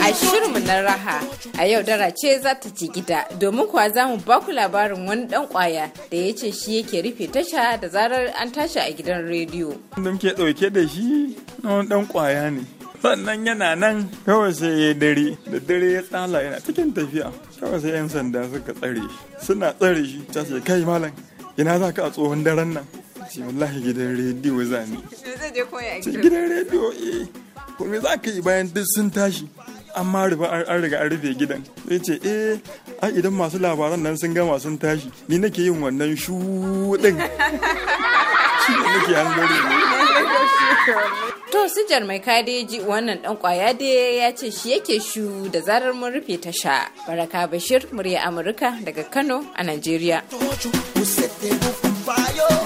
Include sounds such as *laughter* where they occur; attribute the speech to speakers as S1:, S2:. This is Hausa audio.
S1: A shirinmu na raha a yau dara ce za ta ci gida domin kuwa za mu baku labarin wani dan kwaya da ya ce shi yake rufe tasha da zarar an tashi a gidan rediyo.
S2: Wanda muke ɗauke da shi na wani dan kwaya ne. Sannan yana nan kawai sai ya dare da dare ya tsala yana cikin tafiya kawai sai 'yan sanda suka tsare suna tsare shi ta ce kai malam ina za ka a tsohon daren nan. Ce wallahi gidan rediyo za
S3: Gidan rediyo
S2: eh. ko me za ka yi bayan duk sun tashi amma riba an riga an rufe gidan sai ce eh a idan masu labaran nan sun gama sun tashi ni nake yin wannan shuɗin *laughs* shi ne nake hangare to
S1: su jarmai kadeji wannan dan kwaya da ya ce shi yake shu da zarar mun rufe ta sha baraka bashir murya amurka daga kano a najeriya